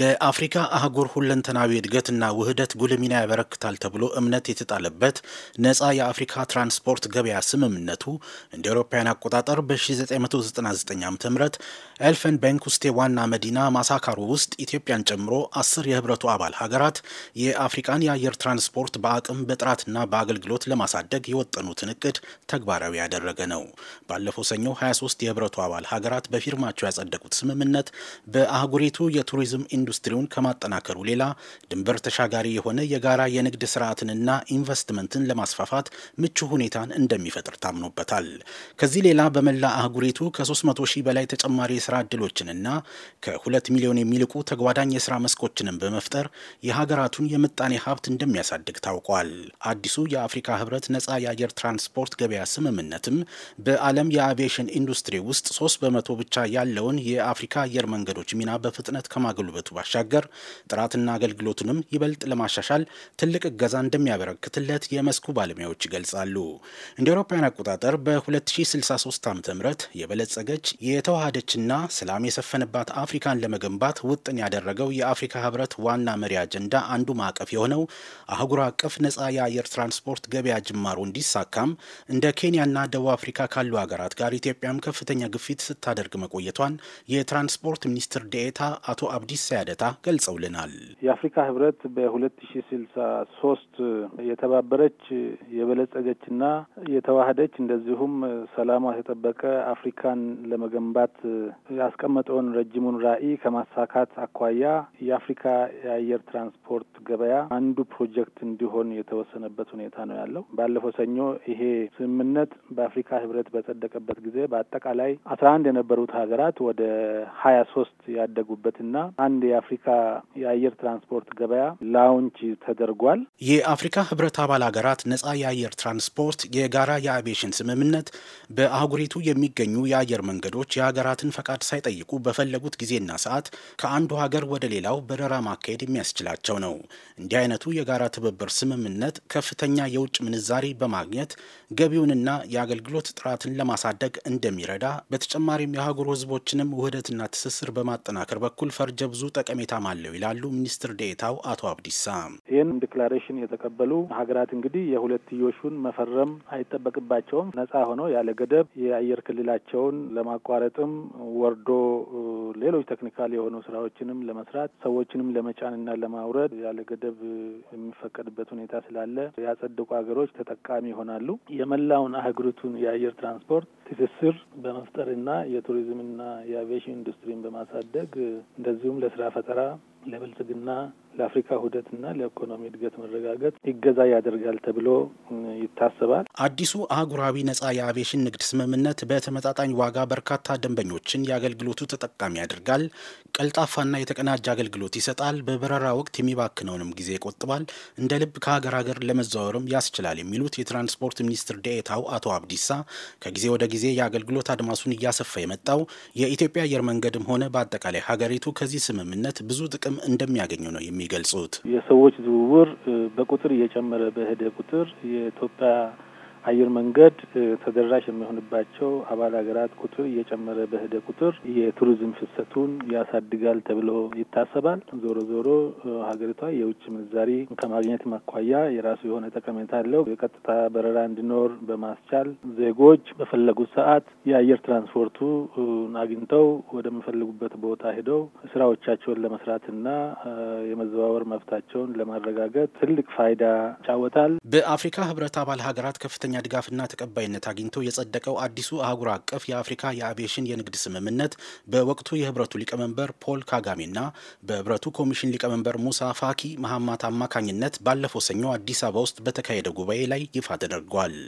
ለአፍሪካ አህጉር ሁለንተናዊ እድገትና ውህደት ጉልህ ሚና ያበረክታል ተብሎ እምነት የተጣለበት ነፃ የአፍሪካ ትራንስፖርት ገበያ ስምምነቱ እንደ አውሮፓውያን አቆጣጠር በ1999 ዓ ም ኤልፈን ባንክ ውስቴ ዋና መዲና ማሳካሮ ውስጥ ኢትዮጵያን ጨምሮ አስር የህብረቱ አባል ሀገራት የአፍሪካን የአየር ትራንስፖርት በአቅም በጥራትና በአገልግሎት ለማሳደግ የወጠኑትን እቅድ ተግባራዊ ያደረገ ነው። ባለፈው ሰኞ 23 የህብረቱ አባል ሀገራት በፊርማቸው ያጸደቁት ስምምነት በአህጉሪቱ የቱሪዝም ኢንዱስትሪውን ከማጠናከሩ ሌላ ድንበር ተሻጋሪ የሆነ የጋራ የንግድ ስርዓትንና ኢንቨስትመንትን ለማስፋፋት ምቹ ሁኔታን እንደሚፈጥር ታምኖበታል። ከዚህ ሌላ በመላ አህጉሪቱ ከ300 ሺህ በላይ ተጨማሪ የስራ እድሎችንና ከ2 ሚሊዮን የሚልቁ ተጓዳኝ የስራ መስኮችንም በመፍጠር የሀገራቱን የምጣኔ ሀብት እንደሚያሳድግ ታውቋል። አዲሱ የአፍሪካ ህብረት ነፃ የአየር ትራንስፖርት ገበያ ስምምነትም በዓለም የአቪዬሽን ኢንዱስትሪ ውስጥ 3 በመቶ ብቻ ያለውን የአፍሪካ አየር መንገዶች ሚና በፍጥነት ከማገሉበት ከማበርከቱ ባሻገር ጥራትና አገልግሎቱንም ይበልጥ ለማሻሻል ትልቅ እገዛ እንደሚያበረክትለት የመስኩ ባለሙያዎች ይገልጻሉ። እንደ አውሮፓውያን አቆጣጠር በ2063 ዓ ም የበለጸገች የተዋሃደችና ሰላም የሰፈነባት አፍሪካን ለመገንባት ውጥን ያደረገው የአፍሪካ ህብረት ዋና መሪ አጀንዳ አንዱ ማዕቀፍ የሆነው አህጉር አቀፍ ነጻ የአየር ትራንስፖርት ገበያ ጅማሮ እንዲሳካም እንደ ኬንያና ደቡብ አፍሪካ ካሉ ሀገራት ጋር ኢትዮጵያም ከፍተኛ ግፊት ስታደርግ መቆየቷን የትራንስፖርት ሚኒስትር ዴኤታ አቶ አብዲስ ሲሳይ ገልጸውልናል። የአፍሪካ ህብረት በሁለት ሺ ስልሳ ሶስት የተባበረች የበለጸገችና የተዋህደች እንደዚሁም ሰላሟ የተጠበቀ አፍሪካን ለመገንባት ያስቀመጠውን ረጅሙን ራዕይ ከማሳካት አኳያ የአፍሪካ የአየር ትራንስፖርት ገበያ አንዱ ፕሮጀክት እንዲሆን የተወሰነበት ሁኔታ ነው ያለው። ባለፈው ሰኞ ይሄ ስምምነት በአፍሪካ ህብረት በጸደቀበት ጊዜ በአጠቃላይ አስራ አንድ የነበሩት ሀገራት ወደ ሀያ ሶስት ያደጉበትና አንድ አንድ የአፍሪካ የአየር ትራንስፖርት ገበያ ላውንች ተደርጓል። የአፍሪካ ህብረት አባል ሀገራት ነጻ የአየር ትራንስፖርት የጋራ የአቪዬሽን ስምምነት በአህጉሪቱ የሚገኙ የአየር መንገዶች የሀገራትን ፈቃድ ሳይጠይቁ በፈለጉት ጊዜና ሰዓት ከአንዱ ሀገር ወደ ሌላው በረራ ማካሄድ የሚያስችላቸው ነው። እንዲህ አይነቱ የጋራ ትብብር ስምምነት ከፍተኛ የውጭ ምንዛሪ በማግኘት ገቢውንና የአገልግሎት ጥራትን ለማሳደግ እንደሚረዳ በተጨማሪም የአህጉሩ ህዝቦችንም ውህደትና ትስስር በማጠናከር በኩል ፈርጀ ብዙ ጠቀሜታም አለው ይላሉ ሚኒስትር ዴታው አቶ አብዲሳ። ይህን ዲክላሬሽን የተቀበሉ ሀገራት እንግዲህ የሁለትዮሹን መፈረም አይጠበቅባቸውም። ነጻ ሆነው ያለ ገደብ የአየር ክልላቸውን ለማቋረጥም ወርዶ ሌሎች ቴክኒካል የሆኑ ስራዎችንም ለመስራት ሰዎችንም ለመጫንና ለማውረድ ያለ ገደብ የሚፈቀድበት ሁኔታ ስላለ ያጸደቁ ሀገሮች ተጠቃሚ ይሆናሉ። የመላውን አህጉሪቱን የአየር ትራንስፖርት ትስስር በመፍጠርና የቱሪዝምና የአቪዬሽን ኢንዱስትሪን በማሳደግ እንደዚሁም ለስራ ፈጠራ ለብልጽግና ለአፍሪካ ውህደትና ለኢኮኖሚ እድገት መረጋገጥ ይገዛ ያደርጋል ተብሎ ይታሰባል። አዲሱ አህጉራዊ ነጻ የአቪዬሽን ንግድ ስምምነት በተመጣጣኝ ዋጋ በርካታ ደንበኞችን የአገልግሎቱ ተጠቃሚ ያደርጋል፣ ቀልጣፋና የተቀናጀ አገልግሎት ይሰጣል፣ በበረራ ወቅት የሚባክነውንም ጊዜ ይቆጥባል፣ እንደ ልብ ከሀገር ሀገር ለመዘዋወርም ያስችላል የሚሉት የትራንስፖርት ሚኒስትር ዴኤታው አቶ አብዲሳ ከጊዜ ወደ ጊዜ የአገልግሎት አድማሱን እያሰፋ የመጣው የኢትዮጵያ አየር መንገድም ሆነ በአጠቃላይ ሀገሪቱ ከዚህ ስምምነት ብዙ ጥቅም እንደሚያገኙ ነው የሚገልጹት። የሰዎች ዝውውር በቁጥር እየጨመረ በሄደ ቁጥር የኢትዮጵያ አየር መንገድ ተደራሽ የሚሆንባቸው አባል ሀገራት ቁጥር እየጨመረ በሄደ ቁጥር የቱሪዝም ፍሰቱን ያሳድጋል ተብሎ ይታሰባል። ዞሮ ዞሮ ሀገሪቷ የውጭ ምንዛሪ ከማግኘት ማኳያ የራሱ የሆነ ጠቀሜታ አለው። የቀጥታ በረራ እንዲኖር በማስቻል ዜጎች በፈለጉት ሰዓት የአየር ትራንስፖርቱ አግኝተው ወደሚፈልጉበት ቦታ ሄደው ስራዎቻቸውን ለመስራትና የመዘዋወር መብታቸውን ለማረጋገጥ ትልቅ ፋይዳ ይጫወታል። በአፍሪካ ህብረት አባል ሀገራት ከፍተ ከፍተኛ ድጋፍና ተቀባይነት አግኝቶ የጸደቀው አዲሱ አህጉር አቀፍ የአፍሪካ የአቪዬሽን የንግድ ስምምነት በወቅቱ የህብረቱ ሊቀመንበር ፖል ካጋሜና በህብረቱ ኮሚሽን ሊቀመንበር ሙሳ ፋኪ መሐማት አማካኝነት ባለፈው ሰኞ አዲስ አበባ ውስጥ በተካሄደ ጉባኤ ላይ ይፋ ተደርጓል።